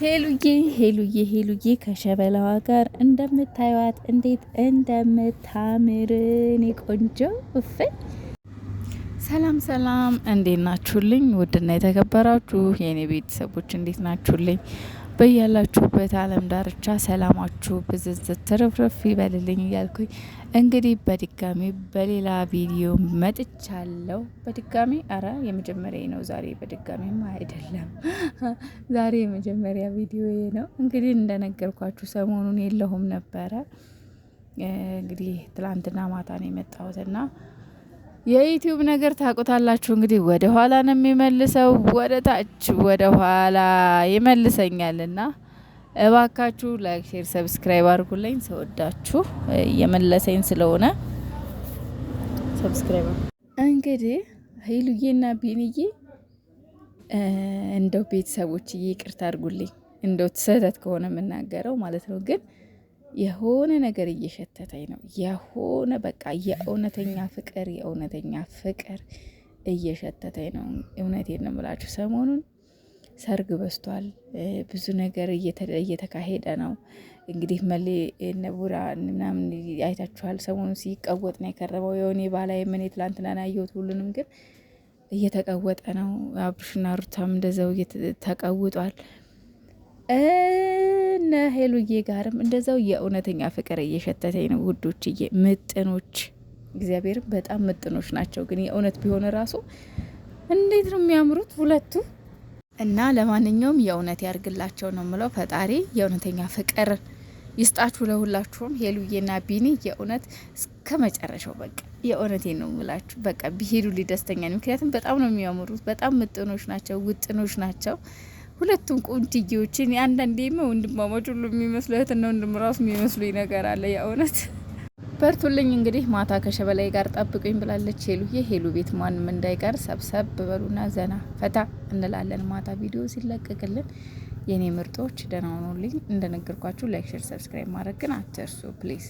ሄሉዬ ሄሉዬ ሄሉዬ ከሸበላዋ ጋር እንደምታዩት እንዴት እንደምታምር እኔ ቆንጆ እፍ ሰላም ሰላም፣ እንዴት ናችሁልኝ? ውድና የተከበራችሁ የእኔ ቤተሰቦች እንዴት ናችሁልኝ? በያላችሁበት አለም ዳርቻ ሰላማችሁ ብዝት ትርፍርፍ ይበልልኝ እያልኩኝ እንግዲህ በድጋሚ በሌላ ቪዲዮ መጥቻለሁ። በድጋሚ አረ የመጀመሪያ ነው ዛሬ በድጋሚም አይደለም፣ ዛሬ የመጀመሪያ ቪዲዮ ነው። እንግዲህ እንደነገርኳችሁ ሰሞኑን የለሁም ነበረ። እንግዲህ ትላንትና ማታ ነው የመጣሁትና የዩቲዩብ ነገር ታቁታላችሁ እንግዲህ ወደ ኋላ ነው የሚመልሰው፣ ወደ ታች ወደ ኋላ ይመልሰኛልና እባካችሁ ላይክ፣ ሼር፣ ሰብስክራይብ አድርጉልኝ። ሰወዳችሁ እየመለሰኝ ስለሆነ ሰብስክራይብ እንግዲህ ሄሉዬና ቢንዬ እንደው ቤተሰቦችዬ ይቅርታ አድርጉልኝ፣ እንደው ስህተት ከሆነ የምናገረው ማለት ነው ግን የሆነ ነገር እየሸተተኝ ነው። የሆነ በቃ የእውነተኛ ፍቅር የእውነተኛ ፍቅር እየሸተተኝ ነው። እውነቴን ነው የምላችሁ። ሰሞኑን ሰርግ በስቷል ብዙ ነገር እየተካሄደ ነው። እንግዲህ መሌ ነቡራ ምናምን አይታችኋል። ሰሞኑን ሲቀወጥ ነው የከረመው። የሆኔ ባህላዊ ምን ትላንትናን አየሁት። ሁሉንም ግን እየተቀወጠ ነው። አብርሽና ሩታም እንደዛው ተቀውጧል። ከሄሉዬ ጋርም እንደዛው የእውነተኛ ፍቅር እየሸተተኝ ነው ውዶችዬ። ምጥኖች እግዚአብሔር በጣም ምጥኖች ናቸው። ግን የእውነት ቢሆን ራሱ እንዴት ነው የሚያምሩት ሁለቱ እና ለማንኛውም የእውነት ያርግላቸው ነው ምለው። ፈጣሪ የእውነተኛ ፍቅር ይስጣችሁ ለሁላችሁም። ሄሉዬና ቢኒ የእውነት እስከ መጨረሻው በቃ የእውነቴ ነው ምላችሁ። በቃ ቢሄዱ ሊደስተኛ ምክንያቱም በጣም ነው የሚያምሩት። በጣም ምጥኖች ናቸው፣ ውጥኖች ናቸው። ሁለቱም ቆንጅዬዎች። እኔ አንዳንዴ ወንድማማች ሁሉ የሚመስሉ እና ወንድም ራሱ የሚመስሉኝ ነገር አለ። የእውነት በርቱልኝ። እንግዲህ ማታ ከሸበላይ ጋር ጠብቁኝ ብላለች ሄሉ። የሄሉ ቤት ማንም እንዳይቀር ሰብሰብ በሉና ዘና ፈታ እንላለን። ማታ ቪዲዮ ሲለቀቅልን የእኔ ምርጦች ደህና ሆኖልኝ። እንደነገርኳችሁ ላይክ፣ ሼር፣ ሰብስክራይብ ማድረግ ግን አትርሱ ፕሊዝ።